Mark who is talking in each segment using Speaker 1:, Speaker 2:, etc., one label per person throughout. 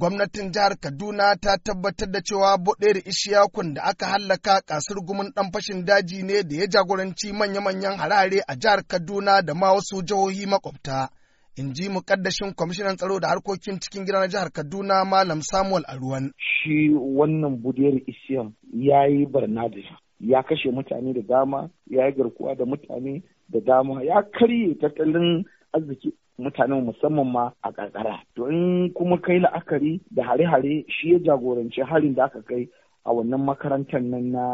Speaker 1: gwamnatin jihar Kaduna ta tabbatar da cewa Boderi Ishiyakun da aka hallaka kasar gumin ɗan fashin daji ne da ya jagoranci manya-manyan harare a jihar Kaduna da ma wasu jihohi makwabta. In ji mukaddashin kwamishinan tsaro da harkokin cikin gida na jihar Kaduna
Speaker 2: Malam Samuel Aruwan. Shi wannan Boderi Ishiyam ya yi barna da ya kashe mutane da dama, ya yi garkuwa da mutane da dama, ya karye tattalin arziki mutanen musamman ma a karkara to in kuma kai la'akari da hare-hare shi ya jagoranci harin da aka kai a wannan makarantar nan na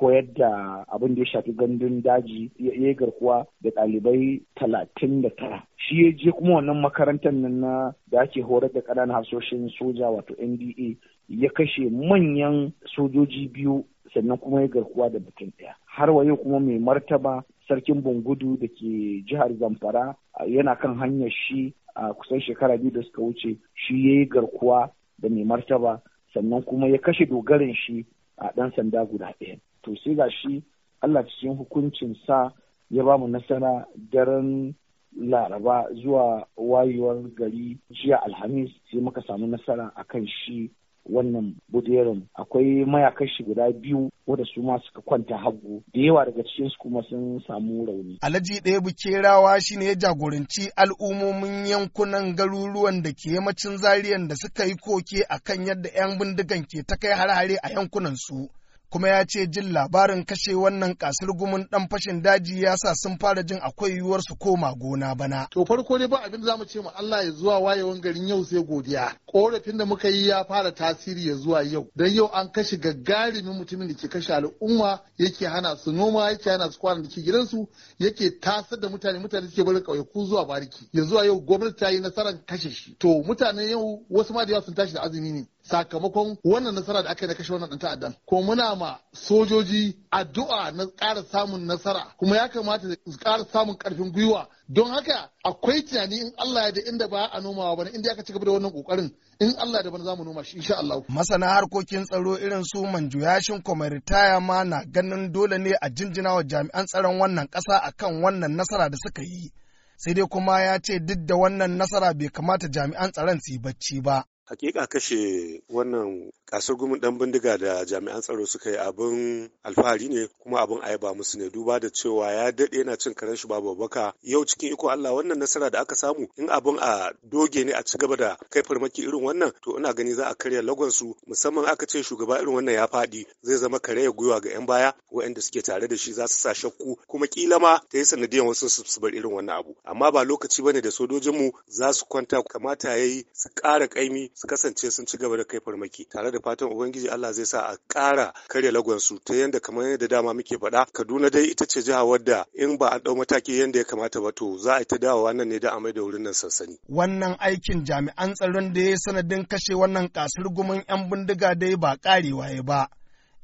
Speaker 2: koyar da abin da ya shafi gandun daji ya yi garkuwa da ɗalibai talatin da tara shi ya je kuma wannan makarantar nan na da ake horar da ƙananan hasoshin soja wato nda ya kashe manyan sojoji biyu sannan kuma ya garkuwa da mutum ɗaya har wa yau kuma mai martaba sarkin bungudu da ke jihar zamfara yana kan hanyar shi a kusan shekara biyu da suka wuce shi ya yi garkuwa da mai martaba sannan kuma ya kashe dogarin shi a ɗan sanda guda ɗaya to sai ga shi allah cikin hukuncin sa ya ba mu nasara daren laraba zuwa wayewar gari jiya alhamis sai muka samu nasara akan shi wannan budiyarin akwai mayakan shi guda biyu wadda su ma suka kwanta hagu da yawa daga cikin su kuma sun samu rauni
Speaker 1: alhaji ɗaya bukerawa shine ya jagoranci al'ummomin yankunan garuruwan da ke yammacin zariyan da suka yi koke akan yadda 'yan bindigan ke ta kai hare-hare a yankunan su kuma ya ce jin labarin kashe wannan kasar gumin dan fashin daji ya sa sun fara jin akwai yiwuwar su koma gona bana. To farko dai ba abin da mu ce ma Allah ya zuwa wayewan garin yau sai godiya. Korafin da muka yi ya fara tasiri ya zuwa yau. Dan yau an kashe gagarumin mutumin da ke kashe al'umma yake hana su noma yake hana su kwana da ke gidansu yake tasar da mutane mutane suke barin ƙauyaku zuwa bariki. Ya zuwa yau gwamnati ta yi nasarar kashe shi. To mutane yau wasu ma da yawa sun tashi da azumi ne. sakamakon wannan nasara da aka yi na kashe wannan ta'addan ko muna ma sojoji addu'a na ƙara samun nasara kuma ya kamata su ƙara samun ƙarfin gwiwa don haka akwai tunani in Allah ya da inda ba a nomawa ba, inda aka ci gaba da wannan kokarin in Allah da bana zamu noma shi insha Allah masana harkokin tsaro irin su yashin kuma ritaya ma na ganin dole ne a jinjina wa jami'an tsaron wannan ƙasa akan wannan nasara da suka yi sai dai kuma ya ce duk da wannan nasara bai kamata jami'an tsaron su yi bacci ba
Speaker 3: hakika kashe wannan kasar gumin dan bindiga da jami'an tsaro suka yi abin alfahari ne kuma abin ayaba musu ne duba da cewa ya daɗe yana cin karen shi babu baka yau cikin iko Allah wannan nasara da aka samu in abin a doge ne a ci gaba da kai farmaki irin wannan to ina gani za a karya lagon su musamman aka ce shugaba irin wannan ya faɗi zai zama kare ya gwiwa ga yan baya waɗanda suke tare da shi za su sa shakku kuma kila ma ta yi sanadiyan wasu su bar irin wannan abu amma ba lokaci bane da sojojinmu za su kwanta kamata yayi su ƙara ƙaimi su kasance sun ci gaba da kai farmaki tare da fatan ubangiji Allah zai sa a ƙara karya lagonsu ta yadda kamar yadda dama muke faɗa Kaduna dai ita ce jiha wadda in ba a ɗau mataki yadda ya kamata ba to za a yi ta dawowa nan ne da amai da wurin nan sansani.
Speaker 1: Wannan aikin jami'an tsaron da ya sanadin kashe wannan kasar gumin 'yan bindiga dai ba karewa ya ba.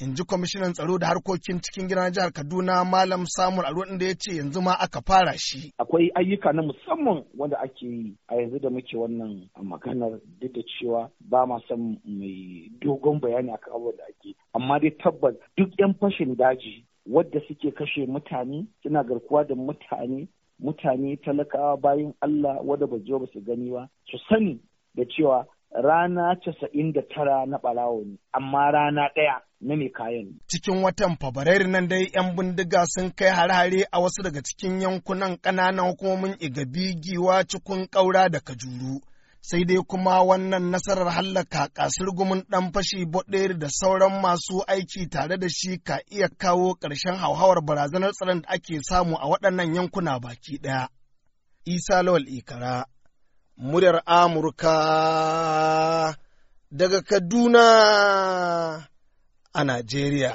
Speaker 1: in ji kwamishinan tsaro da harkokin cikin gidan jihar kaduna malam samun aro da ya ce yanzu ma aka fara shi
Speaker 2: akwai ayyuka na musamman wanda ake yi a yanzu da muke wannan maganar duk da cewa ba ma san mai dogon bayani akan abubuwan da ake amma dai tabbas duk yan fashin daji wadda suke kashe mutane suna garkuwa da mutane mutane talakawa bayan Allah wadda ba ba su gani ba su sani da cewa rana casa'in da tara na ɓarawo ne, amma rana ɗaya na mai kayan. Cikin watan
Speaker 1: Fabrairu nan dai 'yan bindiga sun kai hare-hare a wasu daga cikin yankunan ƙananan hukumomin Igabi, Giwa, cikin Ƙaura da Kajuru. Sai dai kuma wannan nasarar hallaka kasar gumin ɗan fashi boɗeri da sauran masu aiki tare da shi ka iya kawo ƙarshen hauhawar barazanar tsaron da ake samu a waɗannan yankuna baki ɗaya. Isa Lawal Ikara muryar Amurka daga Kaduna a Najeriya.